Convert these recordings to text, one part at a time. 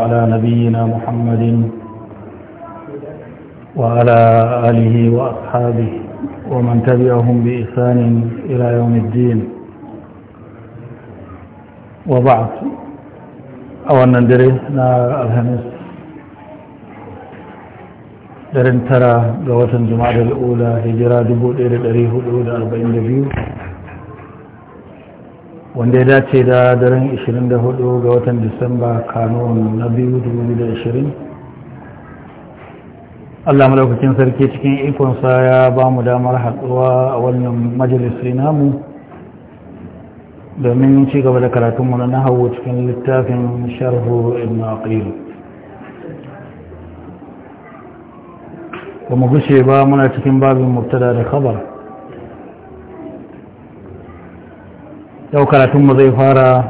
على نبينا محمد وعلى آله وأصحابه ومن تبعهم بإحسان إلى يوم الدين وبعد أولا درسنا الهمس درن ترى قوة جمعة الأولى هجرة دبو إلى الأريه الأولى 42 wanda ya dace da daren 24 ga watan disamba kanon na 2020 allah malaukakin sarki cikin ikonsa ya ba mu damar haɗuwa a wannan majalisi namu domin ci gaba da karatunmu na hau cikin littafin sharhu ibn aqil ba mu gushe ba muna cikin babin murtala da khabar yau karatunmu zai fara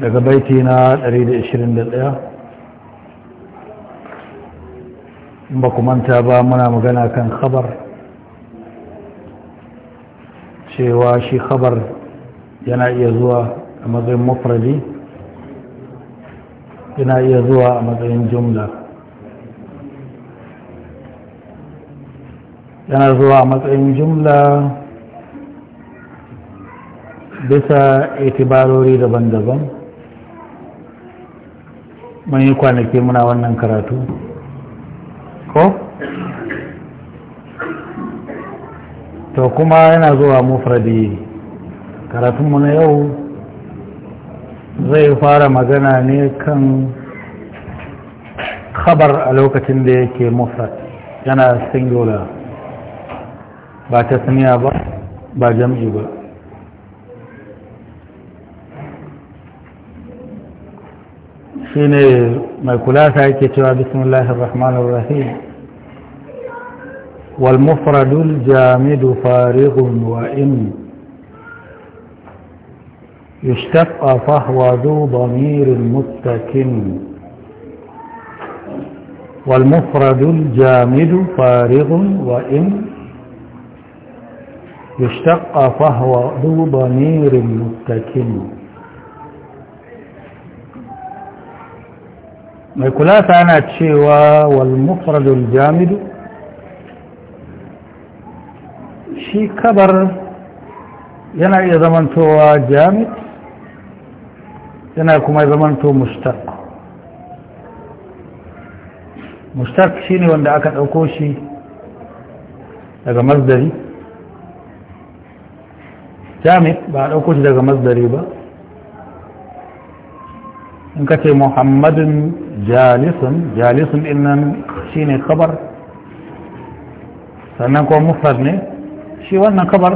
daga baiti na 121 in ba manta ba muna magana kan khabar cewa shi khabar yana iya zuwa a matsayin mafarji yana iya zuwa a matsayin jumla yana zuwa a matsayin jumla bisa itibarori daban-daban mun yi kwanaki muna wannan karatu ko? to kuma yana zuwa mufradi karatunmu na yau zai fara magana ne kan khabar a lokacin da yake mufrad yana singular ba ta ba ba jam'i ba shine mai kulasa yake cewa bismillahir rahmanir rahim wal mufradul jamidu farighun wa in يشتق فهو ذو ضمير متكن والمفرد الجامد فارغ وإن يشتق فهو ذو ضمير متكن mai kulasa yana cewa walmufradul jamidu shi kabar yana iya zamantowa jamid yana kuma zamanto mustaq mustaq shine wanda aka ɗauko shi daga mazdari jamid ba a ɗauko shi daga mazdari ba in ka ce muhammadin jalisun jalisun din nan ne kabar sannan kuma mufrad ne shi wannan kabar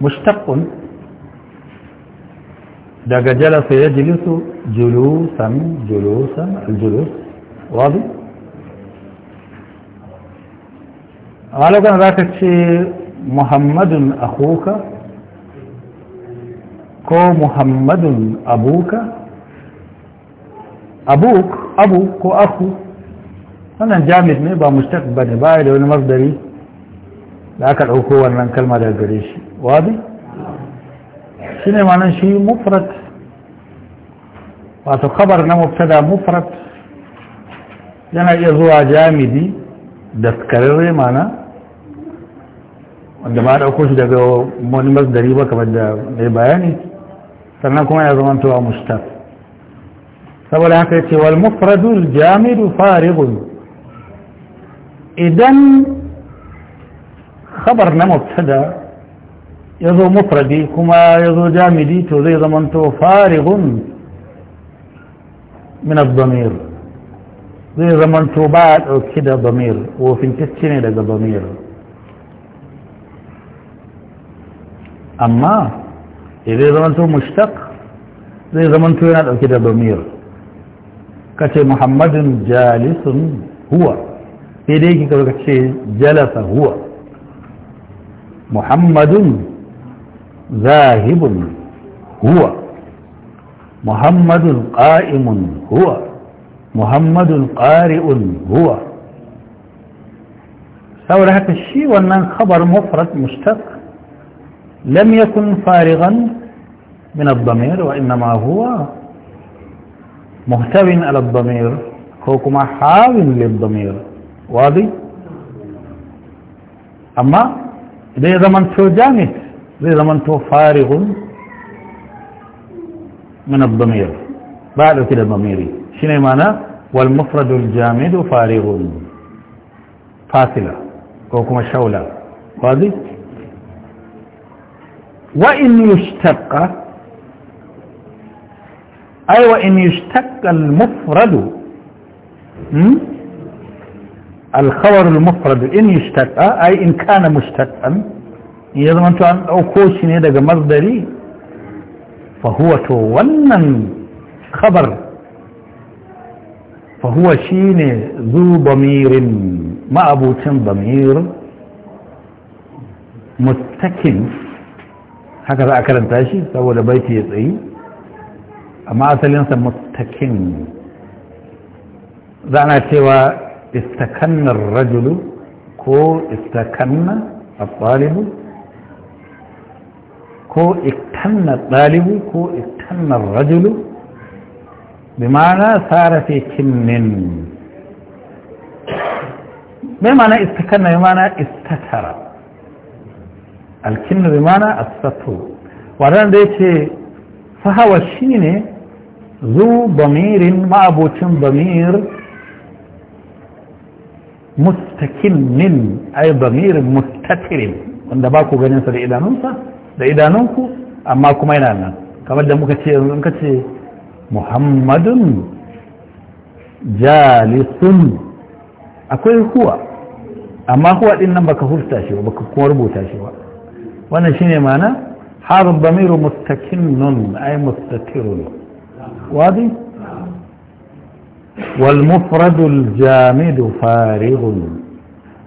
mushtaqun daga jalasa ya jilisu julusan julusan aljulus wadi a lokacin za ka ce muhammadun akuka ko muhammadun abuka abu abu ko aku wannan jami'in ne ba mustaq bane baya da wani masdari da aka ɗauko wannan kalma daga gare shi wadi shi ne manan shi mufrat wato kabar na mubtada mufrat yana iya zuwa jami'i daskararre mana wanda ma ɗauko shi daga wani masdari ba kamar da mai bayani sannan kuma ya zama towa mustaq سوال عقلتي والمفرد الجامد فارغ إذن خبرنا مبتدا يظهر مفردي كما يظهر جامدي تذي ضمنته فارغ من الضمير ذي ضمنته بعد كده ضمير وفي انتسيني لك ضمير أما إذا ضمنته مشتق ذي ضمنته ينال كده ضمير ka ce muhammadin jalisun huwa sai dai ki ka ce jalasa huwa muhammadun zahibun huwa muhammadun qa'imun huwa muhammadun qari'un huwa saboda haka shi wannan khabar mufrad mushtaq lam yakun farigan min ad-damir wa innama huwa محتو على الضمير هو كما حاو للضمير واضح أما إذا ضمنته جامد إذا ضمنته فارغ من الضمير بعد كده ضميري شنو معنى والمفرد الجامد فارغ فاصلة وكما شولة واضح وإن يشتق أي أيوة، وإن يشتق المفرد الخبر المفرد إن يشتق آه، أي إن كان مشتقا يضمن أنت أن أوكوش ندق مصدري فهو تولن خبر فهو شين ذو ضمير ما أبو ضمير متكن هكذا أكرمتاشي فهو لبيتي يطعيه amma asalinsa muttakin zana cewa istakannar rajulu ko istakanna a ɗalibu ko iktanna ɗalibu ko iktannar rajulu bimana tsara fi kinnin mai mana istakanna bimana istatara alkinnu bimana asatu waɗanda ya ce fahawa shine zu bamirin ma'abocin bamir mustakin min ai bamir mustatirin wanda ba ku ganinsa da idanunsa da idanunku amma kuma yana nan kamar da muka ce yanzu ka ce muhammadun jalisun akwai huwa amma huwa din nan baka hurta shi ba baka kuma rubuta shi ba wannan shine mana هذا الضمير مستكن أي مستتر واضح والمفرد الجامد فارغ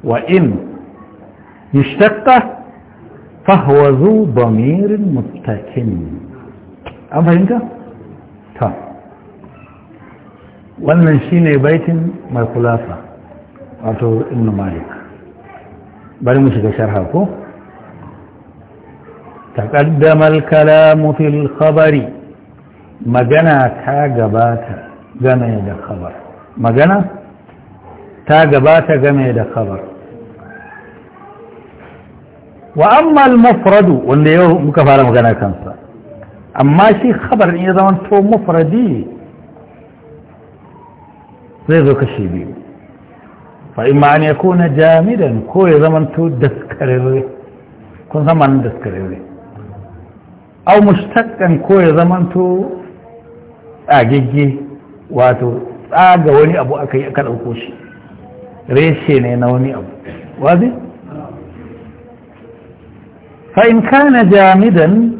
وإن يشتق فهو ذو ضمير مستكن أم أنت؟ تمام wannan شين baitin mai kulasa wato ibn malik bari mu shiga sharha ko تقدم الكلام في الخبر مجنى باتا جميد خبر مجنى باتا جميد خبر وأما المفرد واللي هو مكفر مجنى كنصر أما شيء خبر إذا أنت مفردي زي ذوك الشيء بيه فإما أن يكون جامدا كو إذا أنت تذكره كن زمان تذكره au mustaqan ko ya zamanto tsagegge wato tsaga wani abu aka yi aka ɗauko shi reshe ne na wani abu wazi fa in kana jamidan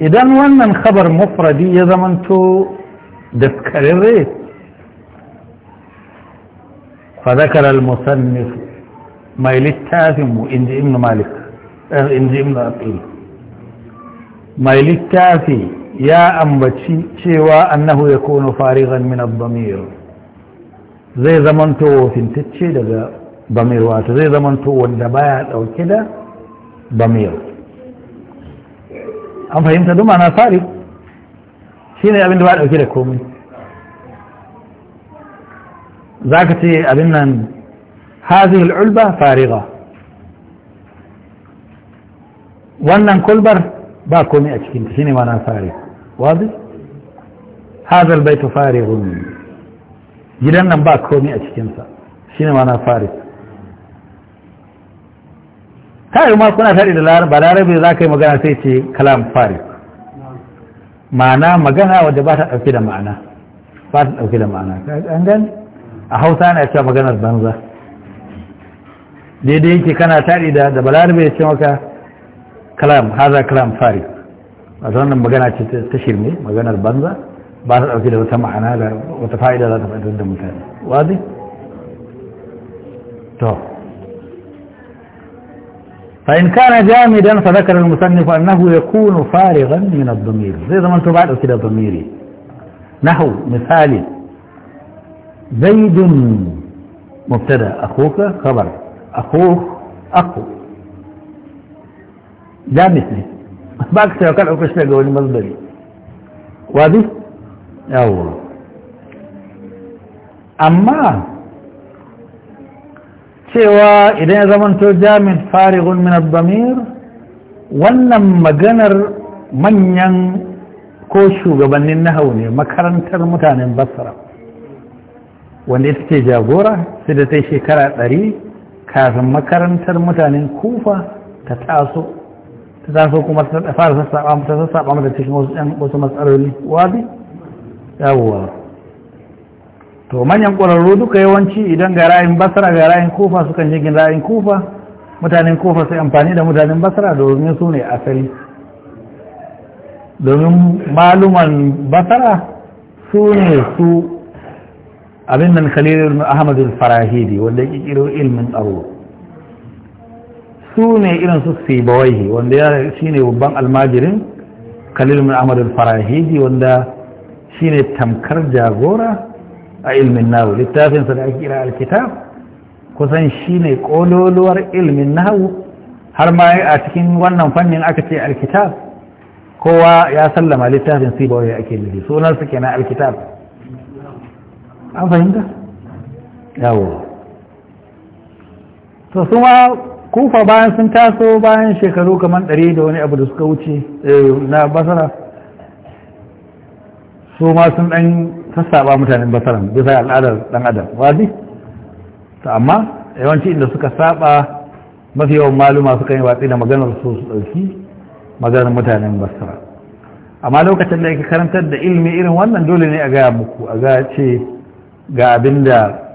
idan wannan khabar mufradi ya zamanto daskararre fa zakara al-musannif mai littafin mu inji ibn malik eh, inji ibn aqil mai littafi ya ambaci cewa annahu ya kono farigan min abdamir zai zamanto fintacce daga bamir wato zai zamanto wanda baya dauke da bamir an fahimta duma na farig shi ne da ba dauke da komai za ka ce abin nan hazihul ulba fariga wannan kulbar ba komai a cikin ta shine mana fare wazi hadha albaytu farighun gidan nan ba komai a cikin sa shine mana fare kai ma kuna tare da laraba larabe za ka yi magana sai ce kalam farin? ma'ana magana wadda ba ta ɗauke da ma'ana ba ta ɗauke da ma'ana an gani a hausa na cewa maganar banza daidai yake kana tare da da balarabe ya ce maka كلام هذا كلام فارغ مثلا لما كانت تشير مي ما كانت بنزا بعد كده وتفاعل هذا تفاعل ضد مثال واضح؟ طيب فإن كان جامدا فذكر المصنف أنه يكون فارغا من الضمير زي ما أنتم بعد كده ضميري نحو مثالي زيد مبتدا أخوك خبر أخوه أخو Jami ne ba ka cewa kaɗa kusa daga wani mazbari wadu yawo amma cewa idan ya zamanto jami fari min abdamir wannan maganar manyan ko shugabannin nahau ne makarantar mutanen basra wanda ita ce jagora sai da ta shekara ɗari kafin makarantar mutanen kufa ta taso ta zafi kuma ta fara sassaɓa mata cikin wasu ɗan wasu matsaloli wabi yawuwa to manyan ƙwararru duka yawanci idan ga ra'ayin basara ga ra'ayin kufa sukan jirgin ra'ayin kufa mutanen kufa sai amfani da mutanen basara domin su ne asali domin maluman basara su ne su abin nan khalil ahmadu farahidi wanda ya kiro ilmin tsaro su ne irin su sibawai wanda ya shi ne babban almajirin kalil min amadu farahidi wanda shi ne tamkar jagora a ilmin nahu littafinsa da ake kira alkitab kusan shi ne kololuwar ilmin nahu har ma a cikin wannan fannin aka ce alkitab kowa ya sallama littafin sibawai ake nufi su kenan alkitab an fahimta yawo to suma kufa bayan sun taso bayan shekaru kamar ɗari da wani abu da suka wuce eh, na basara su ma sun ɗan sassaɓa mutanen basara bisa al'adar ɗan adam wadi ta amma yawanci inda suka saba mafi yawan maluma suka yi watsi da maganar su su ɗauki maganar mutanen basara amma lokacin da yake karantar da ilimi irin wannan dole ne a gaya muku a gaya ce ga abin da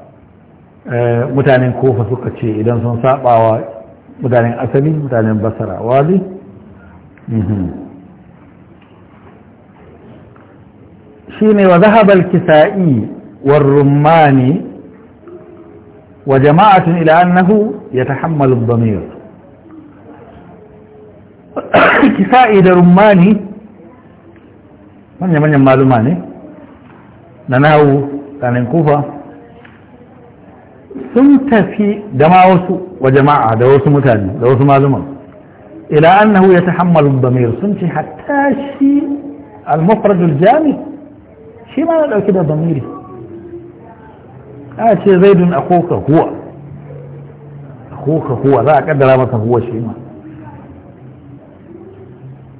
eh, mutanen kofa suka ce idan sun saɓawa. mutanen asali mutanen basara wali shi ne wa zahabar kisa'i wa rumani wa jama'atun ila annahu ya ta hammalin damir kisa'i da rumani manya-manyan maluma ne na nawo tsanin kufa sun tafi da ma wasu wa jama'a da wasu mutane da wasu maluman ila annahu ya ta hammalu damir sun ce hatta shi al-mufrad jami shi ma na dauki da damiri a ce zai zaidun akoka huwa akoka huwa za a kaddara masa huwa shi ma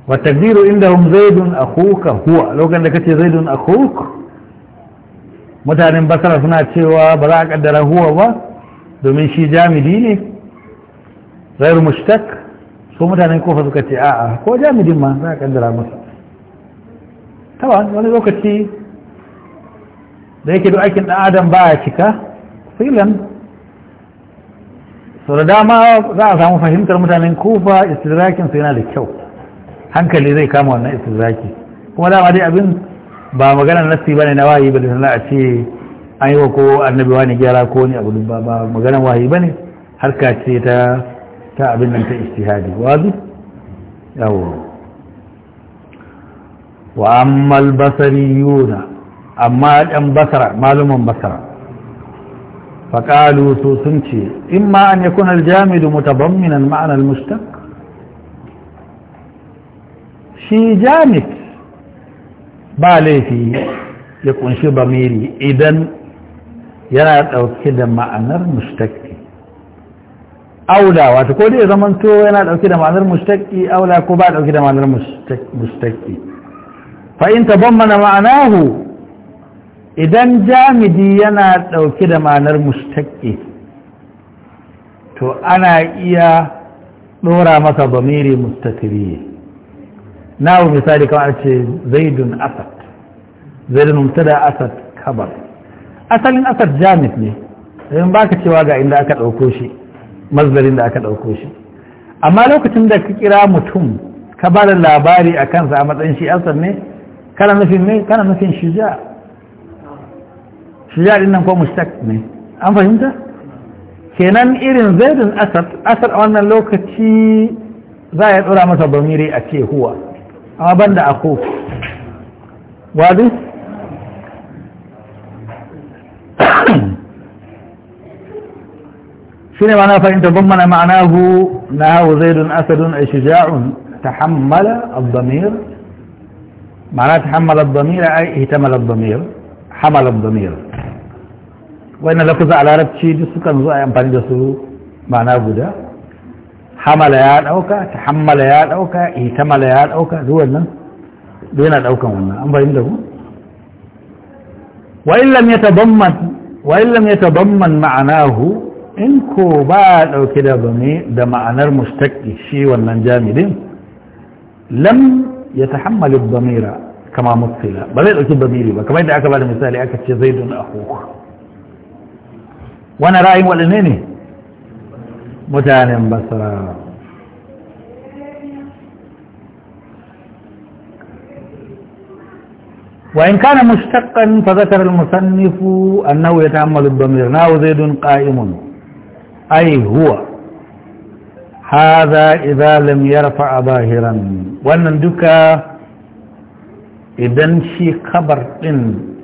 wa takdiru indahum zaidun akuka huwa lokacin da kace zaidun akuk mutanen basara suna cewa ba za a kaddara huwa ba domin shi jamidi ne rayar mushtak su mutanen kofa suka ce a'a ko jamidin ma za a kaddara masa tawa wani lokaci da yake duk aikin da adam ba a cika filan sau da dama za a samu fahimtar mutanen kofa istirakin su yana da kyau hankali zai kama wannan istirakin kuma dama dai abin ba magana nasi ba ne na wayi ba da sana'a ce an yi wa ko annabi wani gyara ko wani abu ba ba maganan wahayi ba ne harka ce ta ta abin nan ta istihadi wazi yawo wa amma albasari yuna amma ɗan basara maluman basara faƙalu su sun ce in ma an yi kunar jami'u mutabamminan ma'anar mustaq shi jami'u ba laifi ya kunshi bamiri idan yana ɗauke da ma'anar mustaƙi aula wata ko dai zaman to yana ɗauke da ma'anar mustaƙi aula ko ba ɗauke da ma'anar mushtaki fa in mana ma'anahu idan jamidi yana ɗauke da ma'anar mustaƙi to ana iya ɗora masa bamiri mustatiriye na misali kamar ce zaidun asad zaidun mutada asad kabar asalin asar jamis ne in ba ka cewa ga inda aka ɗauko shi mazdarin da aka ɗauko shi amma lokacin da ka kira mutum ka ba da labari a kansa a matsayin shi asar ne kana nufin ne kana nufin shija shija din nan ko mushtaq ne an fahimta kenan irin zaidun asar asar a wannan lokaci za ya tsura masa bamiri a ce huwa amma banda ko wadu شنو معناه فإن تضمن معناه نهاه زيد أسد أي شجاع تحمل الضمير معناه تحمل الضمير أي اهتمل الضمير حمل الضمير وإن لفظ على شيء جسو كان زوء ينفعني جسو معناه بدا حمل يا الأوكا تحمل يا الأوكا اهتمل يا الأوكا دو أنه دون الأوكا وانا أم فهمته وإن لم يتضمن وإن لم يتضمن معناه in ko ba a ɗauke da zane da ma'anar mustaƙi shi wannan jami'in lam ya ta hammali zamira kama mutsila ba zai ɗauki zamiri ba kamar yadda aka ba da misali aka ce zai dun ahu wani ra'ayin waɗanne ne mutanen basra وإن كان مشتقا فذكر المصنف أنه يتعمل الضمير ناو زيد قائم ai huwa haza idza lam yarfa zahiran wannan duka idan shi kabar din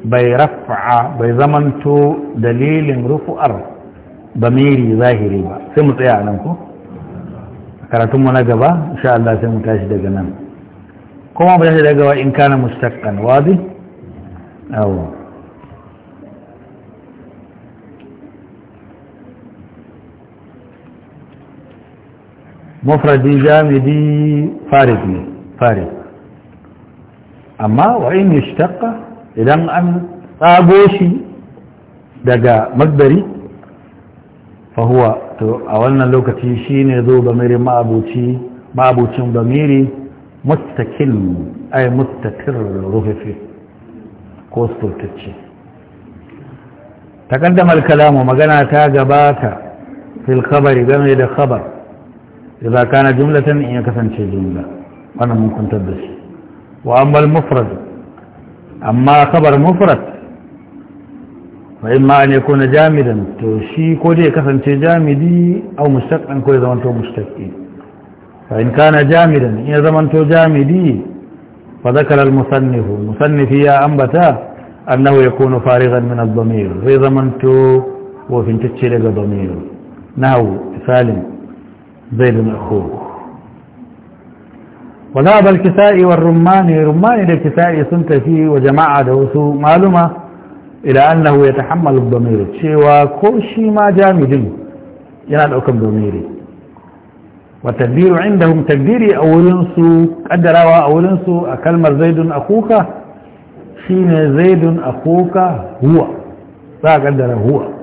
bai rafa'a bai zamanto dalilin rufu'ar bamiri zahiri ba sai mu tsaya nan ko karatunmu na gaba insha Allah sai mu tashi daga nan kuma mu tashi daga wa in kana mustaqqan wadi aw mufradi jamidi farid ne farid amma wa ya yashtaqa idan an tsago shi daga magdari fahuwa to a wannan lokaci shine zo bamiri ma'abuci ma'abucin bamiri muttakin ai muttatir ruhifi ko stultacce takaddama al-kalamu magana ta gabata fil khabari game da khabar إذا كان جملة إن يكثن شيء جملة وأنا ممكن تدش وأما المفرد أما خبر مفرد فإما أن يكون جامدا تشي كودي يكثن شيء جامدي أو مشتقا كودي تو مشتقين فإن كان جامدا إن تو جامدي فذكر المصنف المصنف يا أنبتا أنه يكون فارغا من الضمير في تو وفي تتشي لك ضمير نهو سالم زيد أخوه وذهب الكسائي والرماني رماني للكسائي سنت فيه وجماعة دوسو معلومة إلى أنه يتحمل الضمير شوى كوشي ما جامد ينال أكم ضميري والتدبير عندهم تقديري أولنسو قدروا أولنسو أكلم زيد أخوك شين زيد أخوك هو لا هو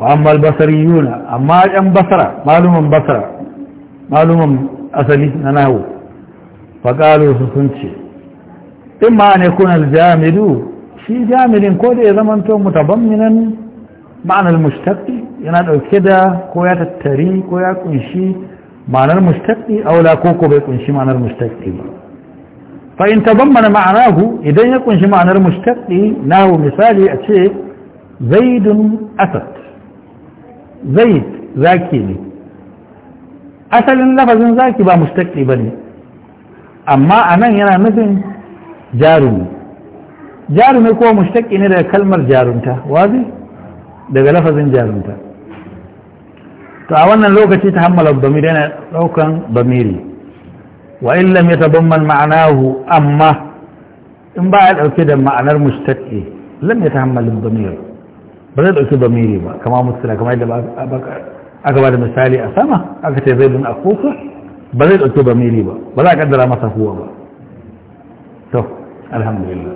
وأما البصريون أما ان بصرة معلوم بصرة معلوم أصلي نناو فقالوا سنتشي إما أن يكون الجامد في جامد كود إذا ما أنتم متضمنا معنى المشتق ينادوا كده كويات التري كويا كنشي معنى المشتق أو لا كوكو بيكنشي معنى المشتق فإن تضمن معناه إذا يكنشي معنى المشتق ناو مثالي أشيء زيد أسد zai zaki ne asalin lafazin zaki ba mustaƙi ba ne amma a nan yana nufin jarumi jarumi ko mustaƙi ne daga kalmar jarumta wazi daga lafazin jarumta to a wannan lokaci ta hammala bamiri yana ɗaukan bamiri wa illam ya tabamman ma'anahu amma in ba ya ɗauke da ma'anar mustaƙi lam ya ta hammalin bamiri ba zai ɗauki bamiri ba kama musula kama yadda aka ba da misali a sama aka ce zai dun a kusa ba zai ɗauki bamiri ba ba za a kaddara masa huwa ba to alhamdulillah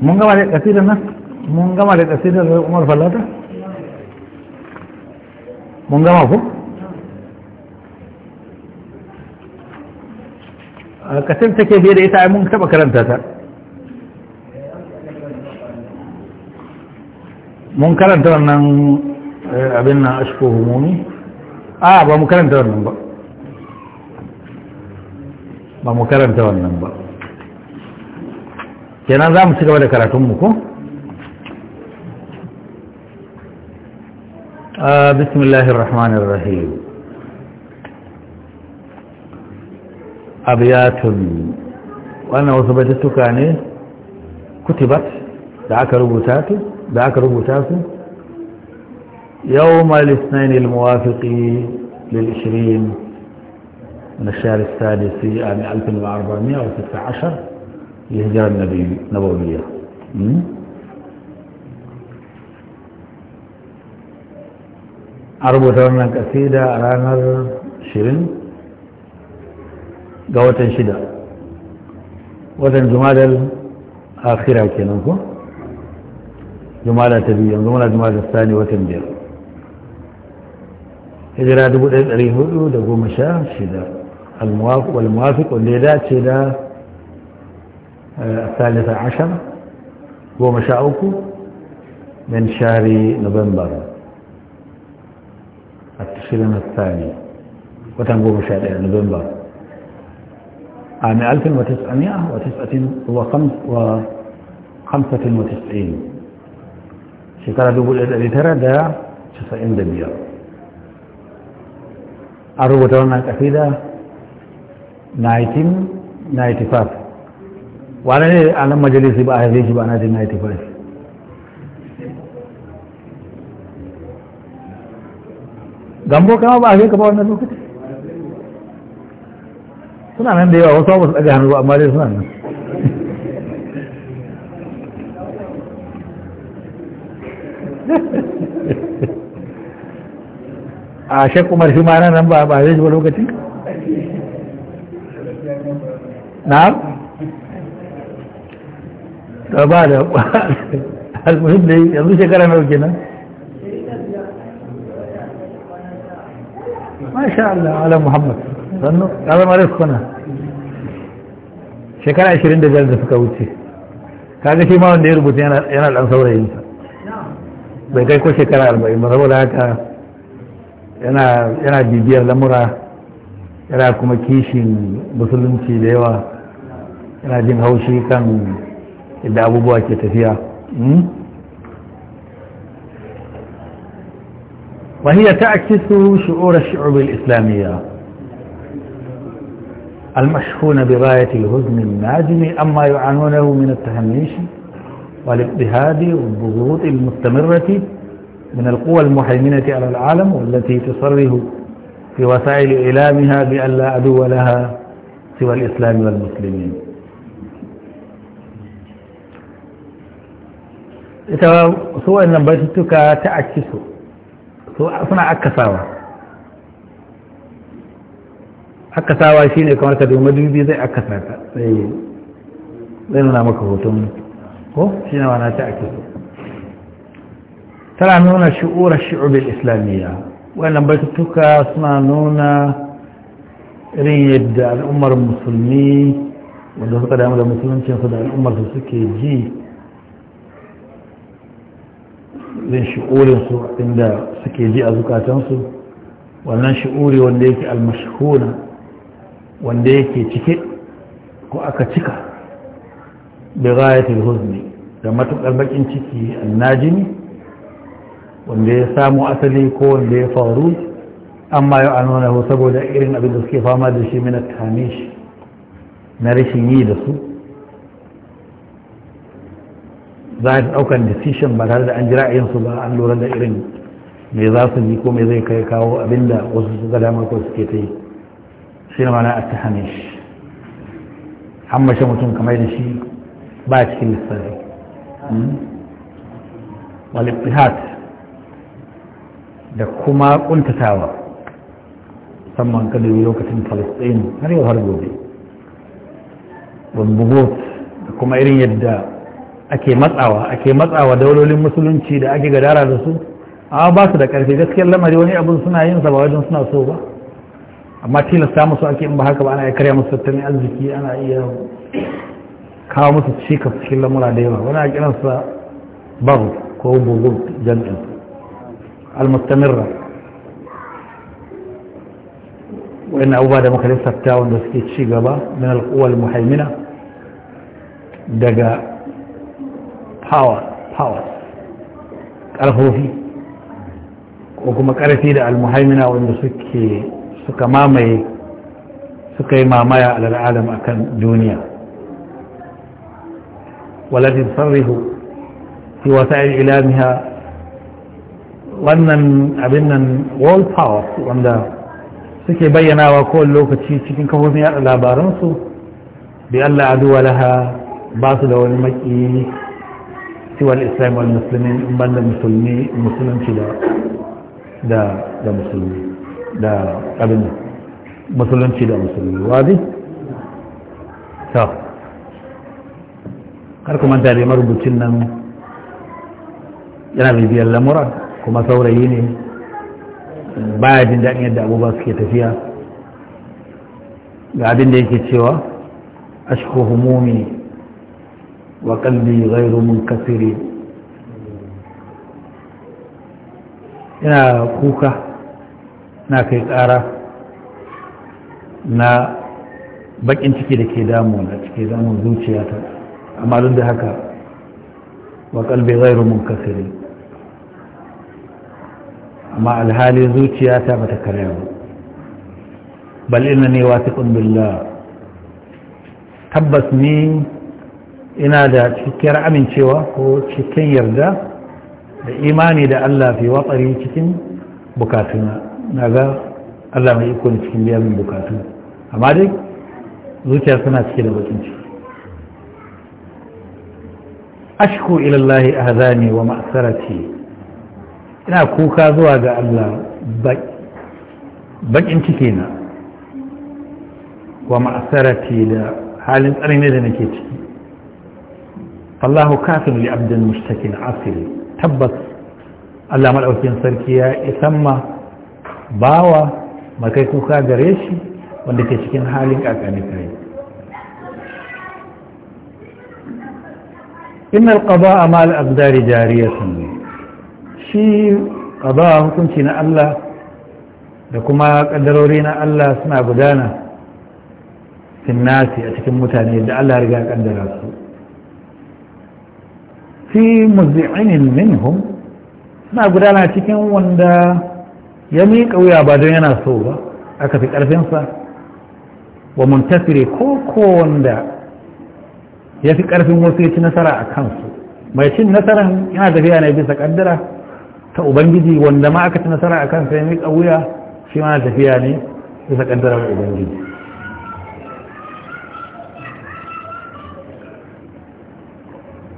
mun gama da kasirar nan mun gama da kasirar umar fallata mun gama ku kasin take biye da ita mun taba karanta ta mun karanta wannan eh, abin nan ashko humumi a ba mu karanta wannan ba ba mu karanta wannan ba kenan za mu ci gaba da karatunmu ko ah, bismillahir rahmanir rahim abiyatun wannan wasu bajittuka ne kutibat da aka rubuta su da aka rubuta su yawma lisnain almuwafiqi lil 20 من الشهر السادس عام 1416 للهجرة النبوية أربط من القصيدة رانر شيرين ga watan shida watan jumadar akira kenan ko jumada ta biyu yanzu muna jumada sani watan biyar hijira 1416 al-muwafiq wanda ya dace da الثالثة عشر هو مشاؤكم من شهر نوفمبر التشرين الثاني وتنقوم شهر نوفمبر عام 1995 شكرا دوبو الاليترا دا تسعين دبيا أروا تونا كفيدة نايتين نايتي فات وانا انا مجلس يبقى هذه يبقى نادي نايتي فات جنبو كما بقى هيك بقى نادي suna nan da yawa wasu ba su ɗaga hannu ba amma dai suna nan a shek umar shi ma nan ba ba zai ji lokaci Na. da ba da almuhim da yanzu shekara nawa nan. masha Allah ala Muhammad sannu ya zama rifkuna shekara ashirin da da suka wuce kaga shi ma wanda ya rubuta yana dan sa bai kai ko shekara arba'in ba saboda haka yana bibiyar lamura yana kuma kishin musulunci da yawa yana jin haushi kan yadda abubuwa ke tafiya وهي تعكس شعور الشعوب الإسلامية المشحون بغاية الهزن الناجم أما يعانونه من التهميش والاضطهاد والضغوط المستمرة من القوى المهيمنة على العالم والتي تصره في وسائل إعلامها بأن لا عدو لها سوى الإسلام والمسلمين ita su wa'annan baitutuka ta akisu akasawa shi ne kamar ka da madubi zai akasa ka sai zai nuna maka hoton ko shi na wana ta ake so tana nuna shi'ura shi'ubin islamiyya wannan baituka suna nuna irin yadda al'ummar musulmi wanda suka damu da musuluncinsu da al'ummar su suke ji zin shi'urinsu inda suke ji a zukatansu wannan shi'uri wanda yake almashhuna wanda yake cike ko aka cika bi ghayatil huzni da matukar bakin ciki annajini wanda ya samu asali ko wanda ya faru amma ya anona saboda irin abin da suke fama da shi mina tamish na rashin yi da su za a ɗaukan decision ba tare da an jira yinsu ba an lura da irin me za su yi ko me zai kai kawo abinda wasu su ga damar ko suke ta yi shi ne mana a ta hame shi hammashe mutum kamar da shi ba cikin lissafi hmm? walibtihat da kuma kuntatawa musamman kadari lokacin palestine har yau har gobe wambugot da kuma irin yadda ake matsawa ake matsawa daulolin musulunci da ake gadara da su a ba su da karfe gaskiyar lamari wani abin suna yin sa ba wajen suna so ba amma tilasta musu ake in ba haka ba ana iya karya musu tattalin arziki ana iya kawo musu cikas cikin lamura da yawa wani a kiransa baru ko bugu jam'in almustamirra wani abubuwa da muka ta wanda suke ci gaba min alkuwal muhaimina daga power power ƙarfofi ko kuma ƙarfi da almuhaimina wanda suke suka mamaye suka yi mamaya al'alam a kan duniya waladin sarrihu fi wata ilamiya wannan abin nan world power wanda suke bayyanawa kowane lokaci cikin kafofin yada labaransu bi Allah aduwa laha ba su da wani maki siwal islam wal musulmi in banda musulmi musulunci da musulmi da abin musulunci da musulmi wazi ta kar da marubucin nan yana mai biyan lamura kuma saurayi ne baya jin daɗin yadda abubuwa suke tafiya ga abin da yake cewa ashko humumi wa kalbi gairu mun kasiri yana kuka na kai ƙara na bakin ciki da ke damuna cike damun zuciyata amma duk da haka wa kalbe zairu mun kasiri amma alhali zuciyata bata karya ba bal ina ne wasiqun billah tabbas ni ina da cikakkiyar amincewa ko cikin yarda da imani da Allah fi watsari cikin bukatuna na ga Allah mai iko ne cikin biyan bukatu amma dai zuciya suna cike da bakin ciki ashku ila Allah ahzani wa ma'sarati ina kuka zuwa ga Allah bakin ciki na wa ma'sarati da halin tsarin da nake ciki Allahu kafin li abdin mushtakin asiri tabbas Allah maɗaukin sarki ya isamma bawa makai kuka gare shi wanda ke cikin halin kakani kai inna qada amal aqdar jariyatan shi qada hukunci na Allah da kuma kaddarori na Allah suna gudana nasi a cikin mutane da Allah ya riga kaddara su fi muzi'in minhum suna gudana cikin wanda ya miƙa wuya ba don yana so ba aka fi ƙarfinsa wa muntasire ko kowanda ya fi ƙarfin wasu ya ci nasara a kansu mai cin nasara yana tafiya ne bisa ƙaddara ta ubangiji wanda ma aka ci nasara a kansa ya miƙa wuya shi ma tafiya ne bisa ƙaddarar ubangiji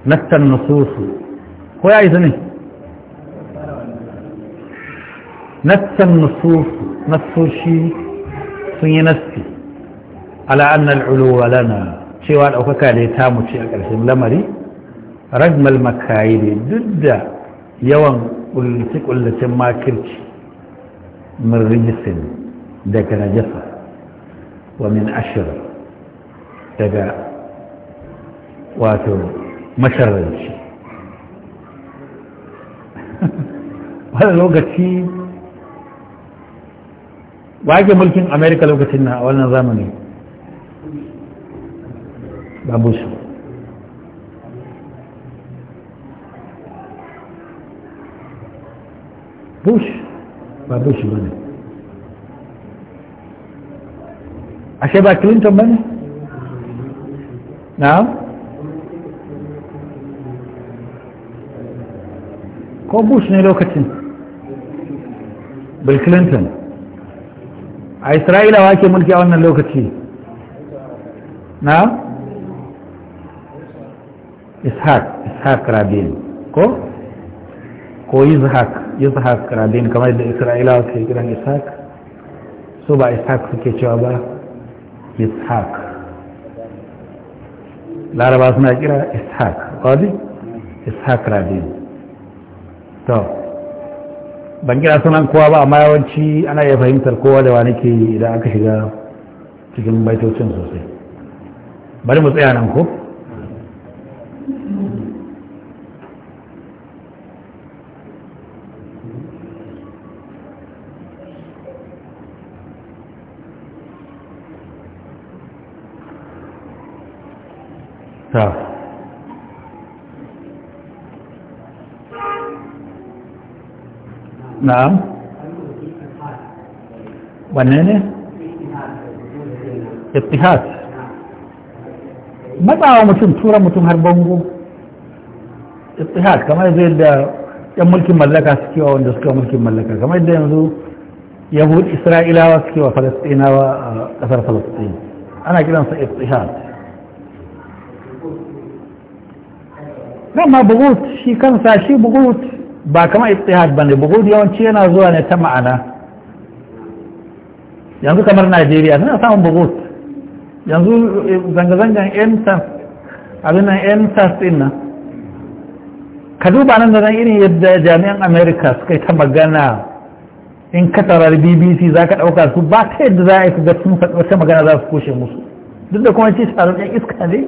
nattan nasusu ko ya isa ne نفس النصوص نفس الشيء في نفسي على أن العلو لنا شوال أو كالي تام الشيء لمري رجم المكايد ضد يوم والتك والتي ما كرت من رجس ذاك نجفة ومن أشر ذاك واتو مشرد هذا لو قتيب wake mulkin amerika lokacin na a wannan zamani babu su bush ne ashe ba clinton ko bush ne lokacin bill clinton a isra'ila wake mulki a wannan lokaci na ishaq ishaq rabin ko ko yizhak yizhak rabin kamar da isra'ila wake kiran ishaq so ba ishaq suke cewa ba ishaq laraba suna kira ishaq ƙwadi ishaq rabin to ban kira sunan kowa ba amma yawanci ana iya fahimtar kowa da wani ke idan aka shiga cikin baitocin sosai bari mu tsaya nan ko Yeah. na'am wanne ne matsawa mutum tura mutum har bango ittihad kamar zai da yan mulkin mallaka suke wa wanda suka mulkin mallaka kamar yadda yanzu yahud isra'ilawa suke wa falastinawa a ƙasar falastin ana kiransa ittihad dama bugut shi kansa shi ba kama ijtihad bane bugu yawanci yana zuwa ne ta ma'ana yanzu kamar Najeriya suna samun buhud yanzu eh, zanga-zangan entas abin nan entas din nan ka duba nan da nan irin yadda jami'an amerika suka yi ta magana in ka tarar BBC za ka ɗauka su ba ta yadda za a yi ga sun wata magana za su kushe musu duk da kuma ce taron iska ne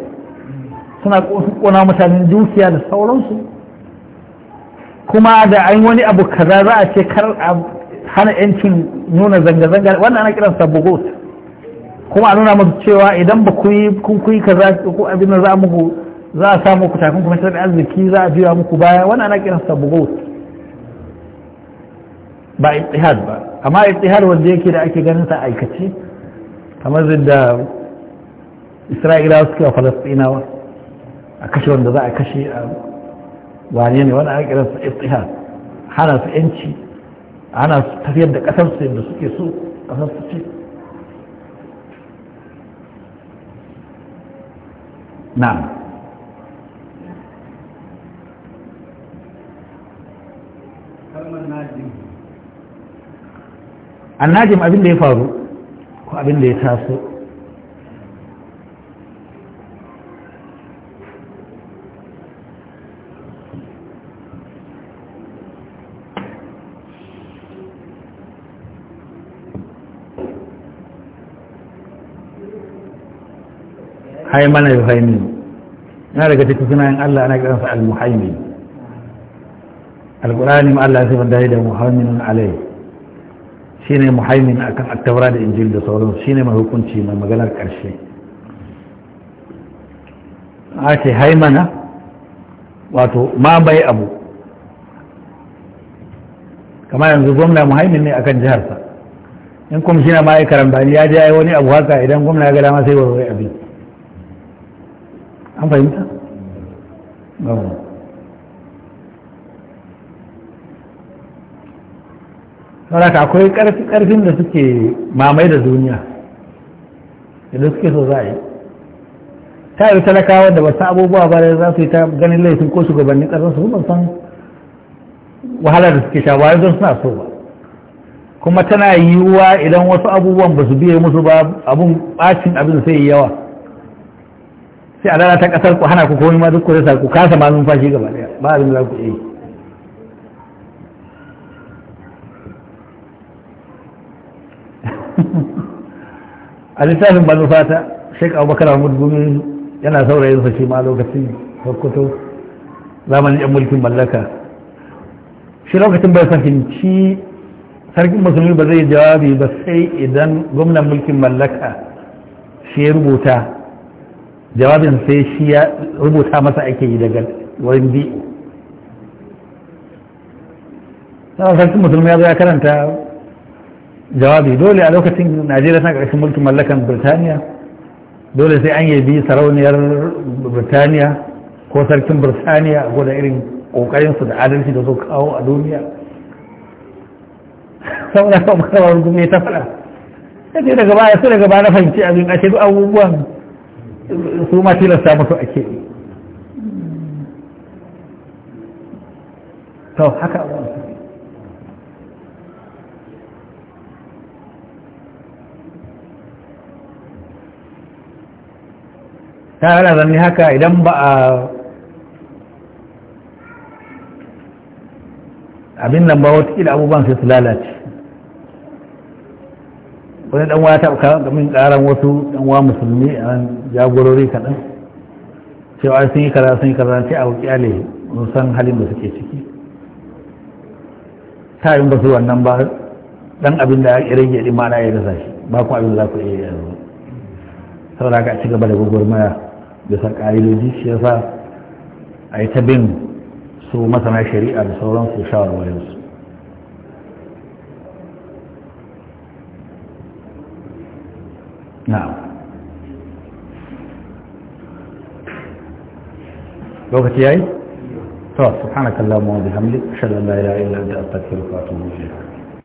suna ƙona mutanen dukiya da sauransu kuma da an wani abu kaza za a ce kar hana yancin nuna zanga-zanga wannan ana kiransa bugot kuma a nuna musu cewa idan ba ku yi kun kuyi kaza ko abin da za mu za a samu ku takun kuma shirin arziki za a biya muku baya wannan ana kiransa bugot ba ittihad ba amma ittihad wanda yake da ake ganin sa aikace kamar da isra'ilawa suke wa falastinawa a kashe wanda za a kashe a wane ne wani an kiransa istihar hana su yanci ana su tafiyar da kasar su yadda suke so kasar su ce na annajim abin da ya faru ko abin da ya taso haimana ya haimi na daga cikin sunayen Allah ana kiransa al-muhaimi al-qur'ani ma Allah ya sifar da da muhammin alai shine muhaimin akan at-taura da injil da sauransu shine mai hukunci mai maganar karshe ake haimana wato ma bai abu kamar yanzu gwamna muhaimin ne akan jiharsa in kuma shi na ma'aikaran bani ya ji ya yi wani abu haka idan gwamna ya ga dama sai warware abin an fahimta? gawon sauraka akwai ƙarfin da suke mamai da duniya idan suke so za a yi ta yi talakawa da wasu abubuwa ba za su yi ta ganin laifin ko shugabannin ƙarfin su ban san wahalar da suke sha bayan don suna so ba kuma tana yiwuwa idan wasu abubuwan ba su biye musu ba abun ɓacin abin sai yawa sai a lalata kasar ku hana ku komai ma duk ku rasa ku kasa ma numfashi gaba daya ba abin da za ku yi a littafin manufata ka abubakar ahmad gumi yana saurayin sa shi ma lokacin sokoto zamanin yan mulkin mallaka shi lokacin bai fahimci sarkin musulmi ba zai jawabi ba sai idan gwamnan mulkin mallaka shi ya rubuta jawabin sai shi ya rubuta masa ake yi daga wurin bi na sarkin musulmi ya zo ya karanta jawabi dole a lokacin najeriya tana ƙarshen mulkin mallakan birtaniya dole sai an bi sarauniyar birtaniya ko sarkin birtaniya a da irin ƙoƙarinsu da adalci da su kawo a duniya saboda kawo makarwar gumi ta faɗa sai daga baya sai daga baya na fahimci abin ashe abubuwan su ma tilasta mutu ake to haka ta yana zanni haka idan ba a abin nan ba watakila abubuwan sai su lalace wani dan wata ka min karan wasu dan wa musulmi a nan jagorori kaɗan cewa sun yi kaza sun yi kaza sai a mun san halin da suke ciki ta yi ba su wannan ba dan abin da ya rage din ma na ya rasa shi ba kuma abin da za ku iya yanzu saboda haka ci gaba da gwagwarmaya san ka'idoji shi yasa a yi ta bin su masana shari'a da sauransu shawarwarinsu وقت ياي طب سبحانك اللهم وبحمدك اشهد ان لا اله الا انت استغفرك واتوب اليك